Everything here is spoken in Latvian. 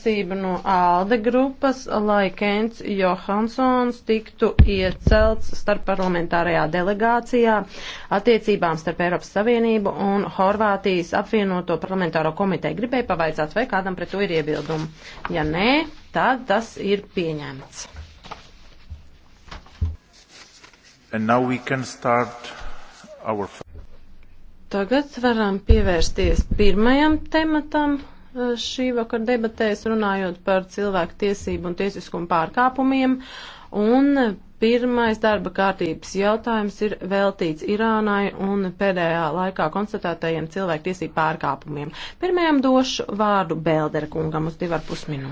prasība no ALDE grupas, lai Kents Johansons tiktu iecelts starpparlamentārajā delegācijā attiecībām starp Eiropas Savienību un Horvātijas apvienoto parlamentāro komiteju. Gribēju pavaicāt, vai kādam pret to ir iebildumi. Ja nē, tad tas ir pieņemts. And now we can start our... Tagad varam pievērsties pirmajam tematam šī vakar debatēs runājot par cilvēku tiesību un tiesiskumu pārkāpumiem. Un pirmais darba kārtības jautājums ir veltīts Irānai un pēdējā laikā konstatētajiem cilvēku tiesību pārkāpumiem. Pirmajam došu vārdu Bēlderkungam uz divar pusminūtes.